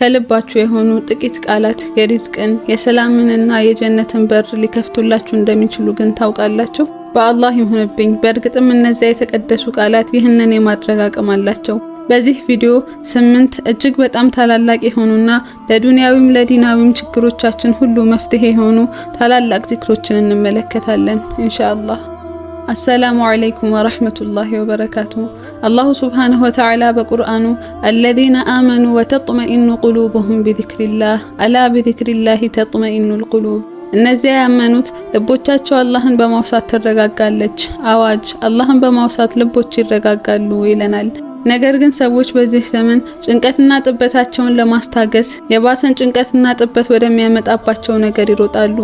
ከልባችሁ የሆኑ ጥቂት ቃላት የሪዝቅን የሰላምንና የጀነትን በር ሊከፍቱላችሁ እንደሚችሉ ግን ታውቃላችሁ። በአላህ ይሁንብኝ፣ በእርግጥም እነዚያ የተቀደሱ ቃላት ይህንን የማድረግ አቅም አላቸው። በዚህ ቪዲዮ ስምንት እጅግ በጣም ታላላቅ የሆኑና ለዱንያዊም ለዲናዊም ችግሮቻችን ሁሉ መፍትሄ የሆኑ ታላላቅ ዚክሮችን እንመለከታለን ኢንሻአላህ። አሰላሙ ዓለይኩም ወረሕመቱላሂ ወበረካቱ። አላሁ ስብሓነሁ ወተዓላ በቁርአኑ አለዚነ አመኑ ወተጥመኢኑ ቁሉቡሁም ቢዚክሪላህ አላ ቢዚክሪላህ ተጥመኢኑል ቁሉብ እነዚያ ያመኑት ልቦቻቸው አላህን በማውሳት ትረጋጋለች። አዋጅ አላህን በማውሳት ልቦች ይረጋጋሉ ይለናል። ነገር ግን ሰዎች በዚህ ዘመን ጭንቀትና ጥበታቸውን ለማስታገስ የባሰን ጭንቀትና ጥበት ወደሚያመጣባቸው ነገር ይሮጣሉ።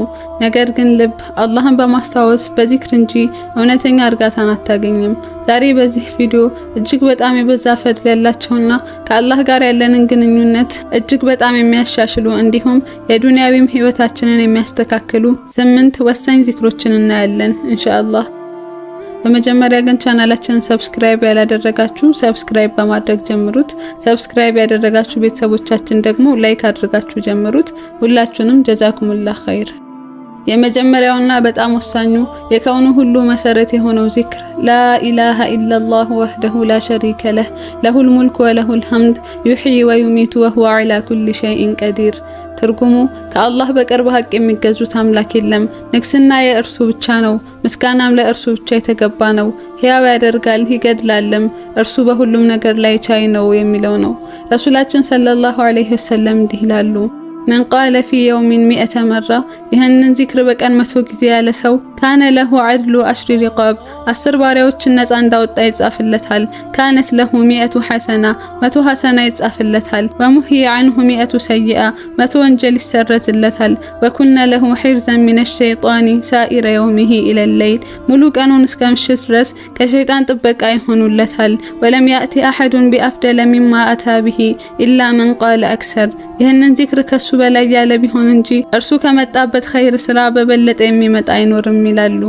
ነገር ግን ልብ አላህን በማስታወስ በዚክር እንጂ እውነተኛ እርጋታን አታገኝም። ዛሬ በዚህ ቪዲዮ እጅግ በጣም የበዛ ፈድል ያላቸውና ከአላህ ጋር ያለንን ግንኙነት እጅግ በጣም የሚያሻሽሉ እንዲሁም የዱንያዊም ህይወታችንን የሚያስተካክሉ ስምንት ወሳኝ ዚክሮችን እናያለን ኢንሻአላህ። በመጀመሪያ ግን ቻናላችንን ሰብስክራይብ ያላደረጋችሁ ሰብስክራይብ በማድረግ ጀምሩት። ሰብስክራይብ ያደረጋችሁ ቤተሰቦቻችን ደግሞ ላይክ አድርጋችሁ ጀምሩት። ሁላችሁንም ጀዛኩሙላ ኸይር የመጀመሪያውና በጣም ወሳኙ የከውኑ ሁሉ መሰረት የሆነው ዚክር ላኢላሃ ኢለላህ ወህደሁ ላሸሪከ ለህ ለሁል ሙልክ ወለሁል ሐምድ ዩሕይ ወዩሚቱ ወሁወ ዓላ ኩሊ ሸይእን ቀዲር። ትርጉሙ ከአላህ በቀር በሐቅ የሚገዙት አምላክ የለም፣ ንግስና የእርሱ ብቻ ነው፣ ምስጋናም ለእርሱ ብቻ የተገባ ነው። ሕያው ያደርጋል ይገድላልም፣ እርሱ በሁሉም ነገር ላይ ቻይ ነው የሚለው ነው። ረሱላችን ሰለላሁ ዐለይሂ ወሰለም እንዲህ ይላሉ መን ቃለ ፊ የውሚን ሚእተ መራ ይህንን ዚክር በቀን መቶ ጊዜ ያለ ሰው ካነ ለሁ ዐድሉ አሽሪ ሪቃብ አስር ባሪያዎችን ነፃ እንዳወጣ ይጻፍለታል። ካነት ለሁ ሚእቱ ሐሰና መቶ ሐሰና ይጻፍለታል። ወሙህይ ዐንሁ ሚእቱ ሰይአ መቶ ወንጀል ይሰረዝለታል። ወኩነ ለሁ ሒርዘን ሚነ ሸይጣኒ ሳኢረ የውሚሂ ኢለለይል ሙሉ ቀኑን እስከ ምሽት ድረስ ከሸይጣን ጥበቃ ይሆኑለታል። ወለም ያእቲ አሐዱን ቢአፍደለ ሚማ አታ ብሂ ኢላ መን ቃለ አክሰር ይህንን ዚክር ከሱ በላይ ያለ ቢሆን እንጂ እርሱ ከመጣበት ኸይር ስራ በበለጠ የሚመጣ አይኖርም ይላሉ።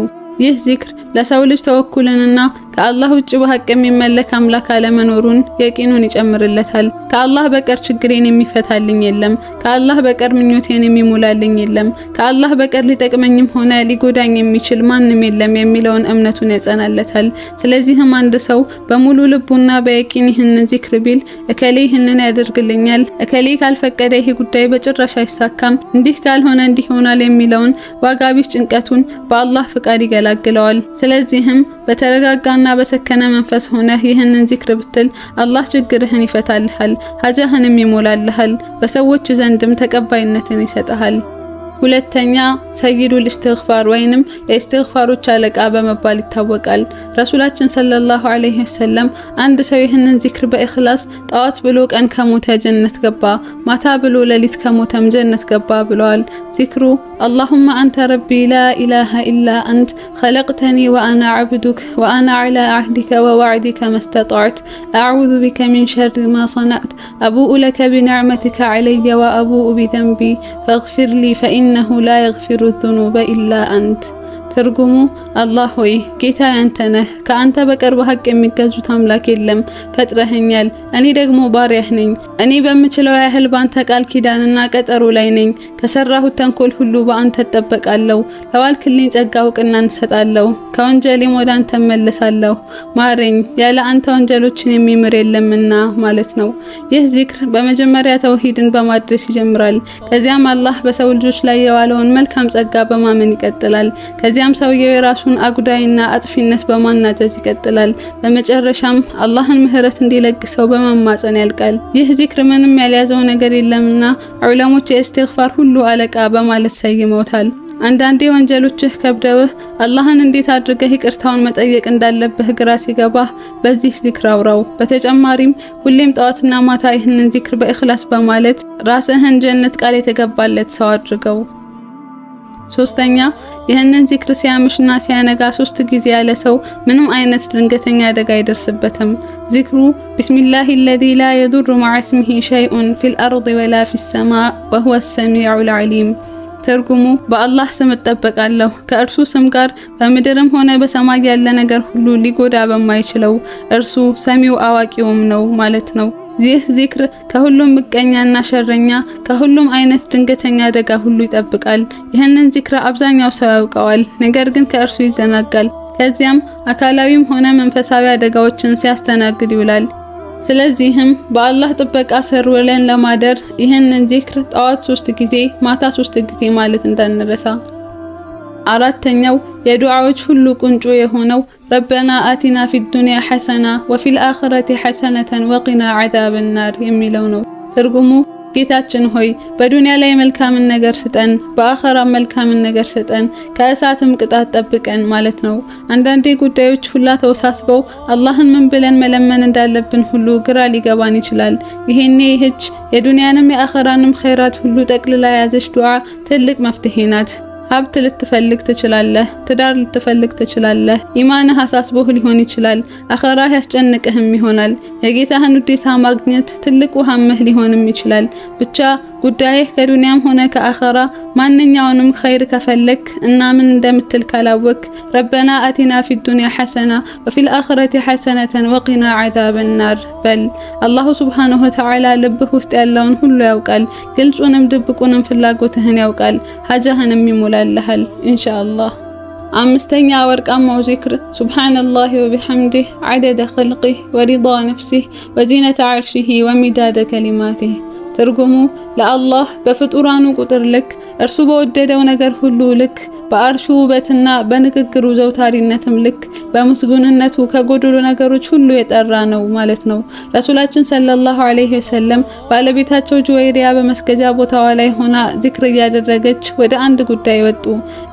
ይህ ዚክር ለሰው ልጅ ተወኩልንና ከአላህ ውጭ በሐቅ የሚመለክ አምላክ አለመኖሩን የቂኑን ይጨምርለታል። ከአላህ በቀር ችግሬን የሚፈታልኝ የለም። ከአላህ በቀር ምኞቴን የሚሞላልኝ የለም። ከአላህ በቀር ሊጠቅመኝም ሆነ ሊጎዳኝ የሚችል ማንም የለም የሚለውን እምነቱን ያጸናለታል። ስለዚህም አንድ ሰው በሙሉ ልቡና በየቂን ይህንን ዚክር ቢል እከሌ ይህንን ያደርግልኛል፣ እከሌ ካልፈቀደ ይህ ጉዳይ በጭራሽ አይሳካም፣ እንዲህ ካልሆነ እንዲህ ይሆናል የሚለውን ዋጋ ጭንቀቱን በአላህ ፍቃድ ይገላግለዋል። ስለዚህም በተረጋጋና በሰከነ መንፈስ ሆነህ ይህንን ዚክር ብትል አላህ ችግርህን ይፈታልሃል፣ ሀጃህንም ይሞላልሃል፣ በሰዎች ዘንድም ተቀባይነትን ይሰጥሃል። ሁለተኛ ሰይዱል ኢስቲግፋር ወይንም የኢስቲግፋሮች አለቃ በመባል ይታወቃል። ረሱላችን ሰለላሁ ዐለይሂ ወሰለም አንድ ሰው ይህንን ዚክር በእኽላስ ጠዋት ብሎ ቀን ከሞተ ጀነት ገባ፣ ማታ ብሎ ሌሊት ከሞተም ጀነት ገባ ብለዋል። ዚክሩ አላሁመ አንተ ረቢ ላ ኢላሃ ኢላ አንት ኸለቅተኒ ወአና ዐብዱክ ወአና ዐላ ዐህዲከ ወዋዕዲከ መስተጣዕት አዕዙ ቢከ ሚን ሸሪ ማ ሰነዕት አቡኡ ለከ ብኒዕመቲከ ዐለየ ወአቡኡ ቢዘንቢ ፈግፊር ሊ ፈኢን إنه لا يغفر الذنوب إلا أنت ትርጉሙ አላህ ሆይ ጌታ ያንተ ነህ፣ ከአንተ በቀር በሐቅ የሚገዙት አምላክ የለም፣ ፈጥረህኛል፣ እኔ ደግሞ ባሪያህ ነኝ። እኔ በምችለው ያህል ባንተ ቃል ኪዳንና ቀጠሮ ላይ ነኝ። ከሰራሁት ተንኮል ሁሉ በአንተ እጠበቃለሁ። ለዋልክልኝ ጸጋ እውቅና እንሰጣለሁ፣ ከወንጀሌም ወደ አንተ እመለሳለሁ። ማረኝ፣ ያለ አንተ ወንጀሎችን የሚምር የለምና ማለት ነው። ይህ ዚክር በመጀመሪያ ተውሂድን በማድረስ ይጀምራል። ከዚያም አላህ በሰው ልጆች ላይ የዋለውን መልካም ጸጋ በማመን ይቀጥላል። ከዚያ ከዚያም ሰውየው የራሱን አጉዳይና አጥፊነት በማናዘዝ ይቀጥላል። በመጨረሻም አላህን ምህረት እንዲለግሰው በመማጸን ያልቃል። ይህ ዚክር ምንም ያልያዘው ነገር የለምና ዑለሞች የእስትግፋር ሁሉ አለቃ በማለት ሰይመውታል። አንዳንዴ ወንጀሎችህ ከብደውህ አላህን እንዴት አድርገህ ይቅርታውን መጠየቅ እንዳለብህ ግራ ሲገባህ በዚህ ዚክር አውራው። በተጨማሪም ሁሌም ጠዋትና ማታ ይህንን ዚክር በእኽላስ በማለት ራስህን ጀነት ቃል የተገባለት ሰው አድርገው። ሶስተኛ ይህንን ዚክር ሲያምሽና ሲያነጋ ሶስት ጊዜ ያለ ሰው ምንም አይነት ድንገተኛ አደጋ አይደርስበትም። ዚክሩ ቢስሚላሂ አለዚ ላ የዱሩ መዐ ስሚሂ ሸይኡን ፊል አርድ ወላ ፊስ ሰማእ ወሁወ ሰሚዑል ዓሊም። ትርጉሙ በአላህ ስም እጠበቃለሁ ከእርሱ ስም ጋር በምድርም ሆነ በሰማይ ያለ ነገር ሁሉ ሊጎዳ በማይችለው እርሱ ሰሚው አዋቂውም ነው ማለት ነው። ይህ ዚክር ከሁሉም ምቀኛና ሸረኛ ከሁሉም አይነት ድንገተኛ አደጋ ሁሉ ይጠብቃል። ይህንን ዚክር አብዛኛው ሰው ያውቀዋል፣ ነገር ግን ከእርሱ ይዘናጋል። ከዚያም አካላዊም ሆነ መንፈሳዊ አደጋዎችን ሲያስተናግድ ይውላል። ስለዚህም በአላህ ጥበቃ ስር ውለን ለማደር ይህንን ዚክር ጠዋት ሶስት ጊዜ ማታ ሶስት ጊዜ ማለት እንዳንረሳ። አራተኛው የዱዓዎች ሁሉ ቁንጮ የሆነው ረበና አቲና ፊዱንያ ሐሰና ወፊል አኺረቲ ሐሰነተን ወቂና ዐዛበን ናር የሚለው ነው። ትርጉሙ ጌታችን ሆይ በዱንያ ላይ መልካምን ነገር ስጠን፣ በአኸራ መልካምን ነገር ስጠን፣ ከእሳትም ቅጣት ጠብቀን ማለት ነው። አንዳንዴ ጉዳዮች ሁላ ተወሳስበው አላህን ምን ብለን መለመን እንዳለብን ሁሉ ግራ ሊገባን ይችላል። ይሄኔ ይህች የዱንያንም የአኸራንም ኸይራት ሁሉ ጠቅልላ የያዘች ዱዓ ትልቅ መፍትሄ ናት። ሀብት ልትፈልግ ትችላለህ። ትዳር ልትፈልግ ትችላለህ። ኢማንህ አሳስቦህ ሊሆን ይችላል። አኸራህ ያስጨንቅህም ይሆናል። የጌታህን ውዴታ ማግኘት ትልቁ ሀመህ ሊሆንም ይችላል። ብቻ ጉዳይህ ከዱንያም ሆነ ከአኸራ ማንኛውንም ኸይር ከፈለክ እና ምን እንደምትል ካላወክ ረበና አቲና ፊ ዱንያ ሐሰና ወፊል አኽረቲ ሐሰነተን ወቂና ዐዛብ ናር በል። አላሁ ሱብሓነሁ ወተዓላ ልብህ ውስጥ ያለውን ሁሉ ያውቃል። ግልጹንም ድብቁንም ፍላጎትህን ያውቃል። ሀጃህንም ይሞላልሃል ኢንሻአላህ። አምስተኛ ወርቃማው ዚክር ሱብሓነላህ ወቢሐምዲህ ዐደደ ኸልቂህ ወሪዳ ነፍሲህ ወዚነተ ዐርሺህ ወሚዳደ ከሊማቲህ ትርጉሙ ለአላህ በፍጡራኑ ቁጥር ልክ እርሱ በወደደው ነገር ሁሉ ልክ በአርሹ ውበትና በንግግሩ ዘውታሪነትም ልክ በምስጉንነቱ ከጎደሉ ነገሮች ሁሉ የጠራ ነው ማለት ነው። ረሱላችን ሰለላሁ ዐለይሂ ወሰለም ባለቤታቸው ጁዌሪያ በመስገጃ ቦታዋ ላይ ሆና ዚክር እያደረገች ወደ አንድ ጉዳይ ወጡ።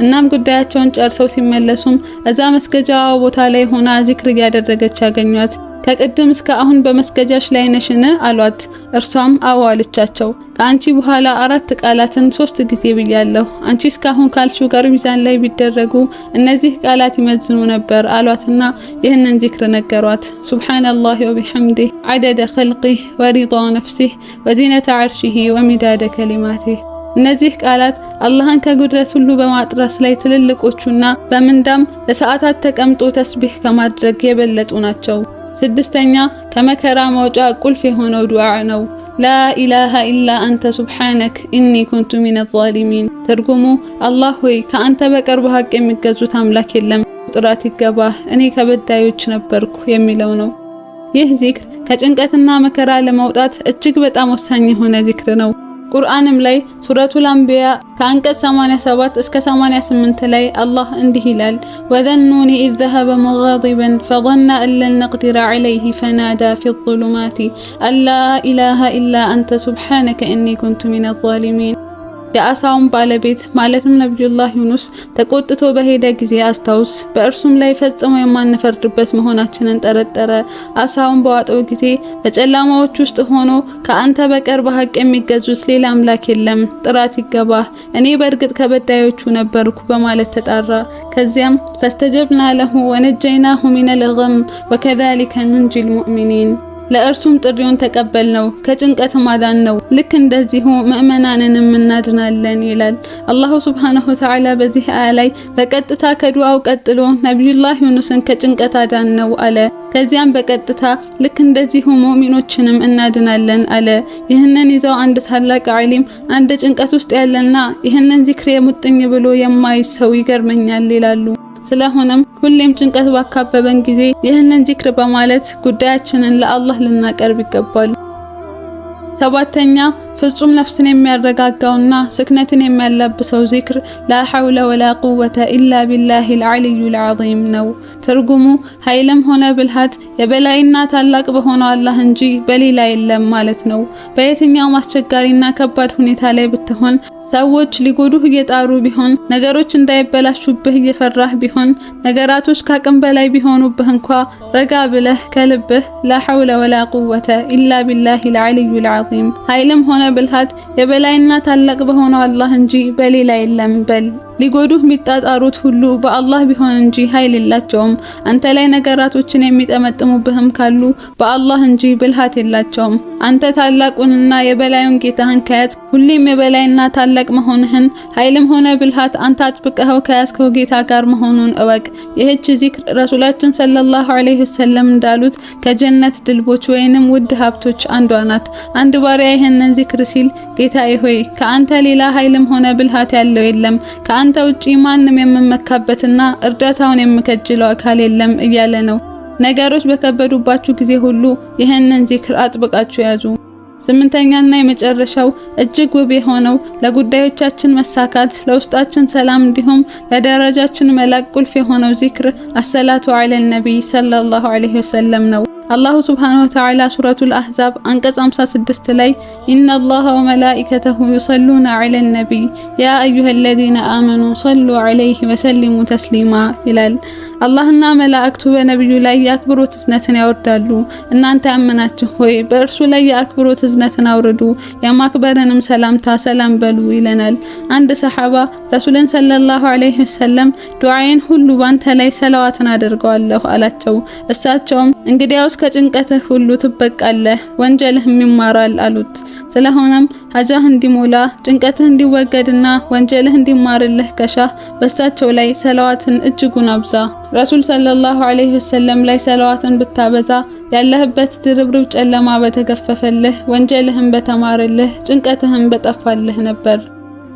እናም ጉዳያቸውን ጨርሰው ሲመለሱም እዛ መስገጃዋ ቦታ ላይ ሆና ዚክር እያደረገች ያገኟት ከቅድም እስከ አሁን በመስገጃሽ ላይ ነሽን? አሏት። እርሷም አዎ አለቻቸው። ከአንቺ በኋላ አራት ቃላትን ሶስት ጊዜ ብያለሁ። አንቺ እስካሁን ካልሽው ጋር ሚዛን ላይ ቢደረጉ እነዚህ ቃላት ይመዝኑ ነበር አሏትና ይህንን ዚክር ነገሯት። ሱብሃነላሂ ወቢሐምዲ ዐደደ ኸልቂህ ወሪዳ ነፍሲህ ወዚነተ ዐርሺህ ወሚዳደ ከሊማቲህ እነዚህ ቃላት አላህን ከጉድለት ሁሉ በማጥራት ላይ ትልልቆቹና በምንዳም ለሰዓታት ተቀምጦ ተስቢህ ከማድረግ የበለጡ ናቸው። ስድስተኛ ከመከራ መውጫ ቁልፍ የሆነው ዱዓ ነው። ላኢላሃ ኢላ አንተ ሱብሓነክ ኢኒ ኩንቱ ሚነ ዛሊሚን። ትርጉሙ አላህ ሆይ ከአንተ በቀር በሀቅ የሚገዙት አምላክ የለም፣ ጥራት ይገባህ፣ እኔ ከበዳዮች ነበርኩ የሚለው ነው። ይህ ዚክር ከጭንቀትና መከራ ለመውጣት እጅግ በጣም ወሳኝ የሆነ ዚክር ነው። ቁርአንም ላይ ሱረቱል አንቢያ ከአንቀጽ 87 እስከ 88 ላይ አላህ እንዲህ ይላል ወዘኑኒ ኢዝ ዘሀበ مغاضبا فظن أن لن نقدر عليه فنادى في الظلمات أن لا إله إلا أنت سبحانك إني كنت من الظالمين የአሳውን ባለቤት ማለትም ነቢዩላህ ዩኑስ ተቆጥቶ በሄደ ጊዜ አስታውስ፣ በእርሱም ላይ ፈጽሞ የማንፈርድበት መሆናችንን ጠረጠረ። አሳውን በዋጠው ጊዜ በጨለማዎች ውስጥ ሆኖ ከአንተ በቀር በሀቅ የሚገዙት ሌላ አምላክ የለም፣ ጥራት ይገባህ፣ እኔ በእርግጥ ከበዳዮቹ ነበርኩ በማለት ተጣራ። ከዚያም ፈስተጀብና ለሁ ወነጀይናሁ ሚነል ገም ወከዛሊከ ኑንጂል ሙእሚኒን ለእርሱም ጥሪውን ተቀበል ነው፣ ከጭንቀት ማዳን ነው። ልክ እንደዚሁ ምእመናንንም እናድናለን ይላል አላሁ ሱብሓነሁ ወተዓላ። በዚህ አያ ላይ በቀጥታ ከዱዓው ቀጥሎ ነቢዩላህ ዩኑስን ከጭንቀት አዳን ነው አለ። ከዚያም በቀጥታ ልክ እንደዚሁ ሙእሚኖችንም እናድናለን አለ። ይህንን ይዘው አንድ ታላቅ ዓሊም አንድ ጭንቀት ውስጥ ያለና ይህንን ዚክር የሙጥኝ ብሎ የማይሰው ይገርመኛል ይላሉ። ስለሆነም ሁሌም ጭንቀት ባካበበን ጊዜ ይህንን ዚክር በማለት ጉዳያችንን ለአላህ ልናቀርብ ይገባል። ሰባተኛ ፍጹም ነፍስን የሚያረጋጋውና ስክነትን የሚያላብሰው ዚክር ላ ሐውለ ወላ ቁወተ ኢላ ቢላሂል አልዩል ዐዚም ነው። ትርጉሙ ኃይልም ሆነ ብልሃት የበላይና ታላቅ በሆነው አላህ እንጂ በሌላ የለም ማለት ነው። በየትኛውም አስቸጋሪና ከባድ ሁኔታ ላይ ብትሆን ሰዎች ሊጎዱህ እየጣሩ ቢሆን፣ ነገሮች እንዳይበላሹብህ እየፈራህ ቢሆን፣ ነገራቶች ከአቅም በላይ ቢሆኑብህ እንኳ ረጋ ብለህ ከልብህ ላ ሐውለ ወላ ቁወተ ኢላ ቢላሂል አልዩል ዐዚም ኃይልም ሆነ ብልሃት የበላይና ታላቅ በሆነው አላህ እንጂ በሌላ የለም በል። ሊጎዱህ የሚጣጣሩት ሁሉ በአላህ ቢሆን እንጂ ኃይል የላቸውም። አንተ ላይ ነገራቶችን የሚጠመጥሙብህም ካሉ በአላህ እንጂ ብልሃት የላቸውም። አንተ ታላቁንና የበላዩን ጌታህን ከያዝ ሁሌም የበላይና ታላቅ መሆንህን ኃይልም ሆነ ብልሃት አንተ አጥብቀኸው ከያዝከው ጌታ ጋር መሆኑን እወቅ። ይህች ዚክር ረሱላችን ሰለላሁ ዐለይሂ ወሰለም እንዳሉት ከጀነት ድልቦች ወይንም ውድ ሀብቶች አንዷ ናት። አንድ ባሪያ ይህንን ዚክር ሲል ጌታዬ ሆይ ከአንተ ሌላ ኃይልም ሆነ ብልሃት ያለው የለም ከአንተ ከአንተ ውጪ ማንም የምመካበትና እርዳታውን የምከጅለው አካል የለም እያለ ነው። ነገሮች በከበዱባችሁ ጊዜ ሁሉ ይህንን ዚክር አጥብቃችሁ ያዙ። ስምንተኛና የመጨረሻው እጅግ ውብ የሆነው ለጉዳዮቻችን መሳካት፣ ለውስጣችን ሰላም እንዲሁም ለደረጃችን መላቅ ቁልፍ የሆነው ዚክር አሰላቱ አለ ነቢይ ሰለላሁ ዐለይሂ ወሰለም ነው። አላሁ ሱብሓነሁ ወተዓላ ሱረቱል አህዛብ አንቀጽ 56 ላይ ኢነላህ ወመላኢከተሁ ዩሰሉነ ዐለን ነቢይ ያ አዩሀለዚነ አመኑ ሰሉ ዐለይሂ ወሰሊሙ ተስሊማ ይላል። አላህና መላእክቱ በነቢዩ ላይ የአክብሮት እዝነትን ያወርዳሉ። እናንተ ያመናችሁ ሆይ በእርሱ ላይ የአክብሮት እዝነትን አውርዱ፣ የማክበርንም ሰላምታ ሰላም በሉ ይለናል። አንድ ሰሐባ ረሱልን ሰለላሁ ዐለይሂ ወሰለም ዱዓዬን ሁሉ ባንተ ላይ ሰላዋትን አድርገዋለሁ አላቸው። እሳቸውም እንግዲያውስ ከጭንቀትህ ሁሉ ትበቃለህ፣ ወንጀልህም ይማራል አሉት። ስለሆነም ሀጃህ እንዲሞላ ጭንቀትህ እንዲወገድና ወንጀልህ እንዲማርልህ ከሻህ በሳቸው ላይ ሰለዋትን እጅጉን አብዛ። ረሱል ሰለላሁ ዐለይሂ ወሰለም ላይ ሰለዋትን ብታበዛ ያለህበት ድርብርብ ጨለማ በተገፈፈልህ፣ ወንጀልህም በተማርልህ፣ ጭንቀትህን በጠፋልህ ነበር።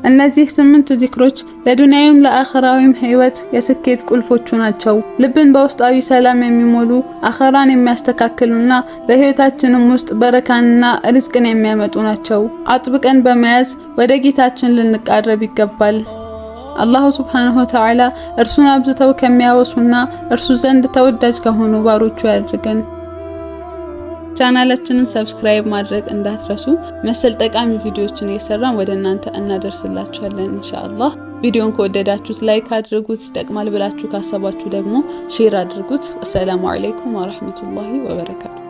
እነዚህ ስምንት ዚክሮች ለዱንያዊም ለአኸራዊም ህይወት የስኬት ቁልፎቹ ናቸው። ልብን በውስጣዊ ሰላም የሚሞሉ አኸራን የሚያስተካክሉና በህይወታችንም ውስጥ በረካንና ሪዝቅን የሚያመጡ ናቸው። አጥብቀን በመያዝ ወደ ጌታችን ልንቃረብ ይገባል። አላሁ ሱብሓነሁ ወተዓላ እርሱን አብዝተው ከሚያወሱና እርሱ ዘንድ ተወዳጅ ከሆኑ ባሮቹ ያድርገን። ቻናላችንን ሰብስክራይብ ማድረግ እንዳትረሱ። መሰል ጠቃሚ ቪዲዮዎችን እየሰራን ወደ እናንተ እናደርስላችኋለን ኢንሻአላህ። ቪዲዮን ከወደዳችሁት ላይክ አድርጉት፣ ይጠቅማል ብላችሁ ካሰባችሁ ደግሞ ሼር አድርጉት። አሰላሙ አለይኩም ወራህመቱላሂ ወበረካቱ